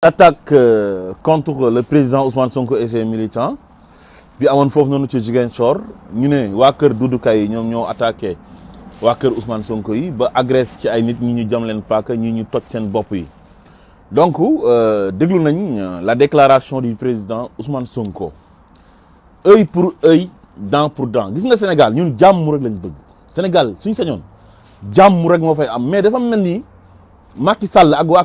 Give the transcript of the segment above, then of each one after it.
attaque euh, contre le président Ousmane Sonko et ses militants puis avant de nous ci Ziguinchor ñu ne waa kër Doudou Ka attaqué Ousmane Sonko yi ba agresse ci ay nit ñi ñu jam leen nous ñi ñu toj seen donc yi donc euh, euh, la déclaration du président Ousmane Sonko œil pour œil dent pour dent voyez le Sénégal ñun jàmm rek lañ bëgg Sénégal suñu sañoon jàmm rek moo fay am mais dafa mel ni Macky Sall ak waa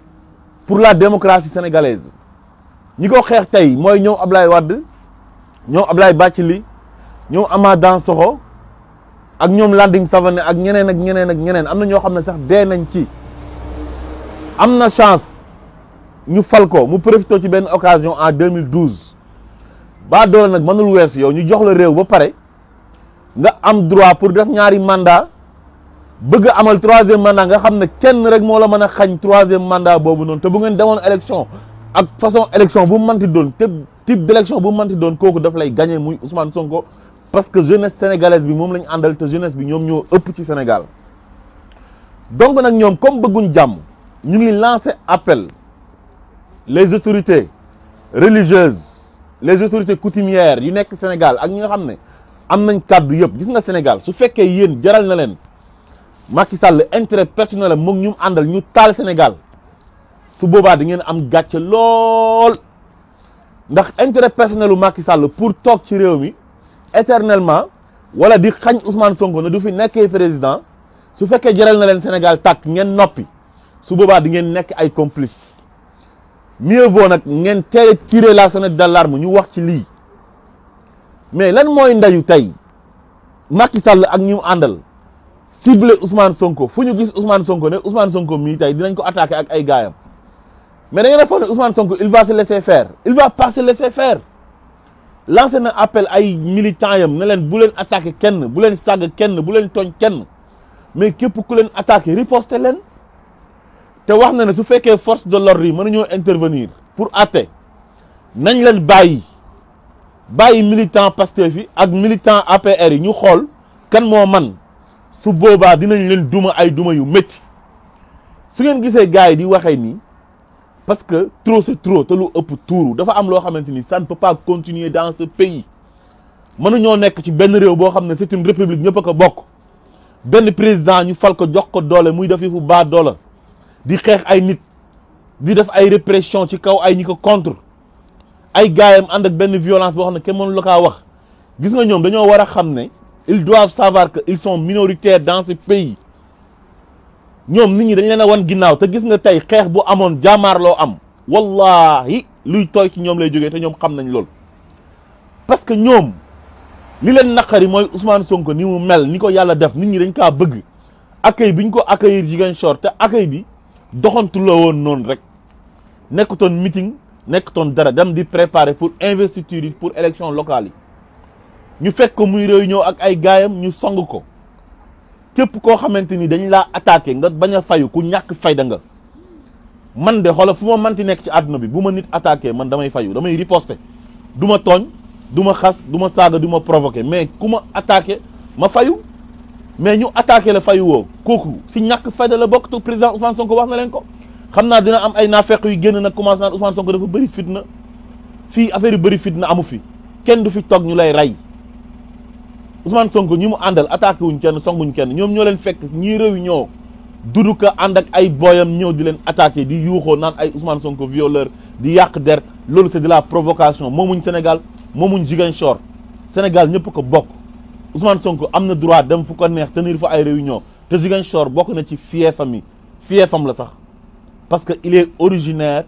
pour la démocratie sénégalaise ñi ko xeex tey mooy ñoom Ablaye Wade ñoom Ablaye Bathily ñoom Amadan Soxo ak ñoom Landing Savané ak ñeneen ak ñeneen ak ñeneen am ñoo xam sax dee nañ ci am chance ñu fal ko mu profité ci ben occasion en 2012 ba doole nag mënul weesu yow ñu jox la rew ba paré nga am droit pour def ñaari mandat bëgg amal troisième mandat nga xam ne kenn rek moo la mën a xañ troisième mandat boobu noonu te bu ngeen demoon élection ak façon élection bu manti doon te type d' élection bu manti doon kooku daf lay gagné muy Ousmane Sonko parce que jeunesse sénégalaise bi moom la ñu àndal te jeunesse bi ñoom ñoo ëpp ci Sénégal donc nag ñoom comme bëggun jàmm ñu ngi lancé appel les autorités religieuses les autorités coutumières yu nekk Sénégal ak ñi nga xam ne am nañ kaddu yëpp gis nga Sénégal su fekkee yéen jaral na leen Macky Sall intérêt personnel mu ñum andal ñu tal Sénégal su boba di ngeen am gàcce lool ndax intérêt personnel Macky Sall pour tok ci réew mi éternellement wala di xagn Ousmane Sonko ne du fi nekké président su fekkee jëral na len Sénégal tak ngeen nopi su boba di ngeen nekk ay complice mieux vaut nak ngeen teel tirer la sonnette d'alarme ñu wax ci li mais lan moy ndayu tay Macky Sall ak ñu andal ciblé Ousmane Sonko fu gis Ousmane Sonko ne Ousmane Sonko mi tay dinañ ko attaqué ak ay gaayam mais da ngeen a Ousmane Sonko il va se laisser faire il va pas se laisser faire lancé na appel ay militants yam ne leen bu len attaquer kenn bu len sag kenn bu len togn kenn mais képp ku len attaquer riposte len. te wax na ne su fekkee force de l'ordre yi mën intervenir pour até. nañ len bayyi. Bayyi militant pasteur fi ak militant APR yi ñu xol kan mo man su boobaa dinañ leen duma ay duma yu metti su ngeen gisee gars yi di waxee ni parce que trop c'est trop te lu ëpp tuuru dafa am loo xamante ni ça ne peut pas continuer dans ce pays mënuñoo nekk ci benn réew boo xam ne c'est une république ñëpp a ko bokk benn président ñu fal ko jox ko doole muy def fu baa doola di xeex ay nit di def ay répression ci kaw ay ñi ko contre ay gaayam ànd ak benn violence boo xam ne kenn mënu la kaa wax gis nga ñoom dañoo war a xam ne ils doivent savoir que ils sont minoritaires dans ce pays ñoom nit ñi dañ leen a wan ginnaaw te gis nga tey xeex bu amoon jaamaarloo am wallahi luy tooy ci ñoom lay jógee te ñoom xam nañ loolu parce que ñoom li leen naqari mooy Ousmane Sonko ni mu mel ni ko yàlla def nit ñi dañ kaa bëgg accueil bi ñu ko accueillir Ziguinchor te accueil bi doxantu la woon noonu rek nekkutoon meeting nekkutoon dara dem di préparer pour investiture pour élection locale ñu fekk ko muy réunion ak ay gaayam ñu song ko képp koo xamante ni dañ laa attaqué nga bañ a fayu ku ñàkk fayda nga man de xoola fu ma manti nekk ci àdduna bi bu ma nit attaqué man damay fayu damay riposté duma tooñ du ma xas du ma saaga du ma provoqué mais ku ma attaqué ma fayu mais ñu attaqué la fayu woo kooku si ñàkk fayda la bokk te président Ousmane Sonko wax na leen ko xam naa dina am ay naafeq yu génn na commencé naan Ousmane Sonko dafa bëri fitna fii affaire yu bëri fitna amu fi kenn du fi toog ñu lay rey Ousmane Sonko ñi mu andal attaqué wuñ kenn songuñ kenn ñom ñoleen fekk ñi ñii ñoo dudu ka ànd ak ay boyam ñew di leen attaqué di yuuxoo naan ay Ousmane Sonko violeur di yaq der loolu c'est de la provocation moomuñ Sénégal moomuñ Ziguinchor Sénégal ñëpp ko bok Ousmane Sonko amna droit dem fu ko neex tenir fa ay réunion te Ziguinchor bok na ci fiefam yi fiefam la sax parce que il est originaire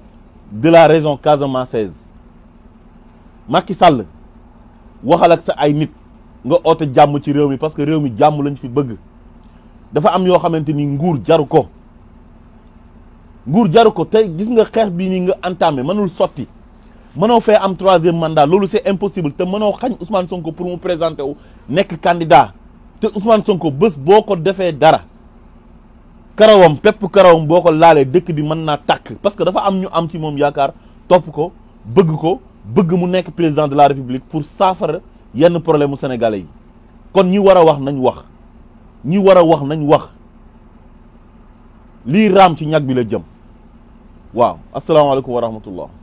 de la région Casamance 16 Macky Sall waxal ak sa ay nit nga oote jamm ci parce que réew mi lañ fi bëgg dafa am yo xamanteni nguur gis nga xex bi ni nga entamé am troisième mandat c'est impossible te Ousmane Sonko pour mu présenter candidat te Ousmane Sonko bëss boko ko dara karawam pepp karawam boko ko bi parce que dafa am ñu am ci mom yaakar top ko bëgg ko président de la république pour saafara yenn problème mu sénégalais yi kon ñi war a wax nañ wax ñi war a wax nañ wax lii raam ci ñag bi la jëm waaw asalaamaaleykum wa rahmatullah